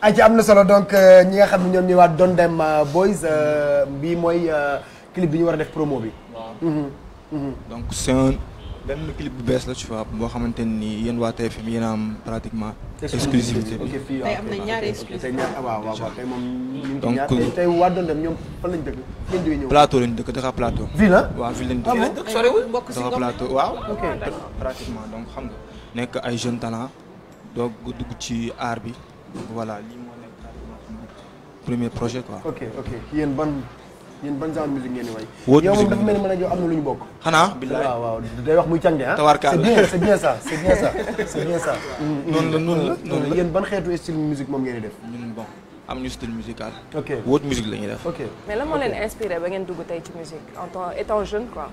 aci am na solo donc euh, ñi nga xam ne ñoom ñuy waa Don Dem euh, Boys euh, bii mooy clip bi ñu war a def promo bi. Mhm. Mhm. donc c'est un benn clip bu bees la tu vois boo xamante ni yéen waa TFM yéen a am pratiquement. exclusivité bi ok fii ah, am na ah, ñaari exclusivité ah, waaw waaw waaw tey moom. donc tey waa Don Dem plateau lañ dëkk dafa plateau. ville waaw ville lañ dëkk. soriwul mbokk plateau waaw. donc xam nga nekk ay jeunes talent doog dugg ci aar bi. voilà lii moo nekk premier projet quoi. ok ok ban yéen ban genre musique ngeen di way. wóot man ak yow am na lu ñu bokk. xanaa billaay waaw waaw day wax muy cange ah. tawarkaal c'est bien c'est bien ça c'est bien noonu la noonu la noonu la euh, yéen xeetu style musique moom ngeen di def. ñun bon am ñu style musical. ok wóot musique la ñuy def. ok mais lan moo leen inspiré ba ngeen dugg tey ci musique en tant étant jeune quoi.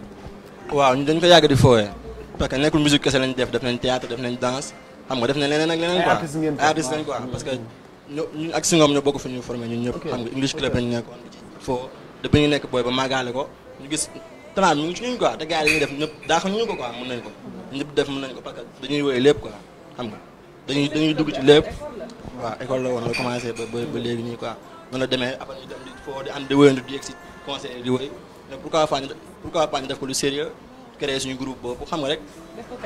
waaw dañ ko yàgg di foowee parce que nekkul musique kese lañ def def nañ théâtre def nañ danse. xam nga def na leneen ak leneen quoi artiste lañ quoi ah. parce que ñu ak si ngoom bokk fi ñu formé ñun ñëpp xam nga english club lañ nekkoon foo da ba ñu nekk booy ba maagaale ko ñu gis talent mu ngi ci ñun quoi te gars yi dañuy def ñëpp daaxu ñu ko quoi mun nañ ko ñëpp def mun nañ ko parce que dañuy woy lépp quoi xam nga dañuy dañuy dugg ci lépp waa école la woon la commencé ba ba léegi nii quoi noonu la demee après ñu dem di foo di ànd di wéyandu di yegg si conseil di woy mais pourquoi créer suñu groupe boobu xam nga rek.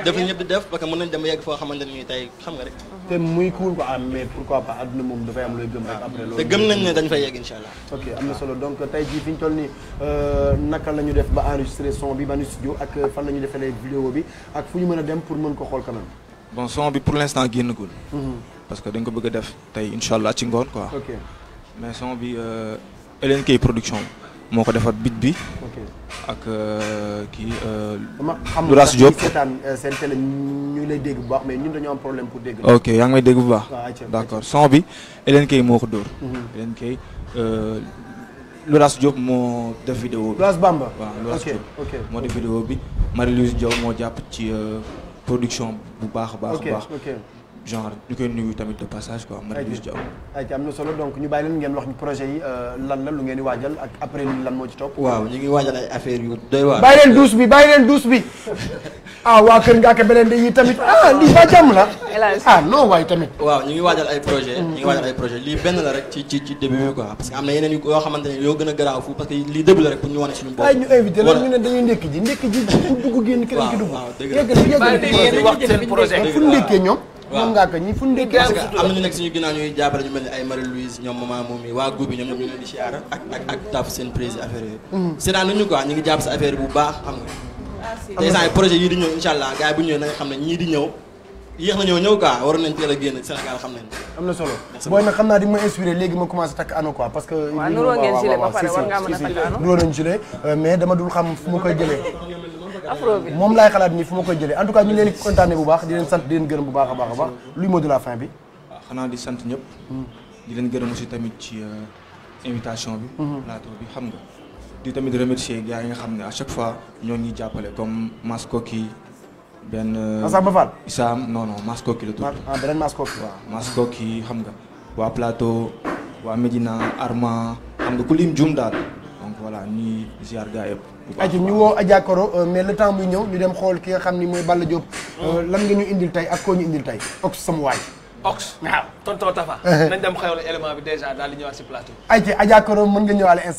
def ñëpp di def parce que mën nañ dem yegg foo xamante ne nii tey xam nga rek. te muy cool quoi mais pourquoi pas adduna moom dafay am looy gëm rek après loolu. te gëm nañ ne dañ fay yegg incha allah. ok am na solo donc tey jii fi ñu toll nii euh, naka la def ba enregistré son bi ban studio ak fan la ñu defalee vidéo bi ak fu ñu mën a dem pour mën ko xool kanam. bon son bi pour l' instant génnagul. Mhm. parce que dañ ko bëgg a def tey incha allah ci ngoon quoi. ok mais son bi euh, moo ko defar bit bi. ak euh, kii. Dourass euh, Diop xam nga euh, seen télé ñu lay dégg bu baax mais ñun dañoo am problème pour dégg. ok yaa ngi may dégg bu baax. Ah, d' accord son bi Hélène Kay moo ko dóor. Mhm. Hélène Kay Dourass Diop moo def vidéo bi. Bamba waaw Dourass Diop moo def bi Marie-Louise Diop moo jàpp ci production bu baax a baax. genre ñu koy nuyu tamit bi bàyyi leen douche bi ah waa Kër Ngaaka Blindé yi tamit ah lii ba jàmm la. Ah, non waaye tamit. waaw mm. ñu ngi waajal ay projet lii benn la rek ci ci ci début bi parce que am na yeneen yoo xamante yoo gën a garaaw fu parce que lii début la rek pour ñu wane suñu bopp. ay ñu invité la ñu ne dañuy ndékki ji ndékki ji ku dugg génn keneen ki dugg. waaw waaw dëgg la yéen a ngi jënd bi ñu wax seen projet. fu ñu ndékkee ñoom moom ngaa ko ñi fu ñu parce que am na ñu nekk suñu a ñuy jàppale ñu mel ni ay Marie Louise ñoom maman moom yi waa guubi ñoom ñoom ñu leen di siyaara ak ak ak mhm. sa ah, waroon nañ teel a génn Sénégal xam nañ am na solo booy nag xam naa di ma inspiré léegi ma commencé takk ano quoi parce que waaw ngeen gilet ba euh, mais dama dul xam fu ma koy jëlee moom laay xalaat nii fu ma koy jëlee en tout cas ñu leen di bu baax di leen sant di leen gërëm bu baax a baax a baax luy mot de la fin bi ah, xanaa di sant ñëpp hmm. di leen gërëm aussi tamit ci euh, invitation bi hmm. plateau bi xam nga di tamit remercier gars yi nga xam ne à chaque fois ñoo ñuy jàppale comme Maskoki benn euh, Samba Fall Isam non non Maskoki la tudd ah beneen Maskoki xam nga waa plateau waa Médina Arma xam nga ku lim juum daal voilà ñuy ziar gaa yëpp. aji ñu woo Adja Koro euh, mais le temps muy ñëw ñu dem xool ki nga xam ni mooy Balla Diop. Euh, lan nga ñu indil tey ak koo ñu indil tey ox sama waay. ox waaw tonton Tafa. nañ dem xewlu élément bi déjà daal di ñëwaat si plateau. ayca Adja Koro mën nga ñëwaale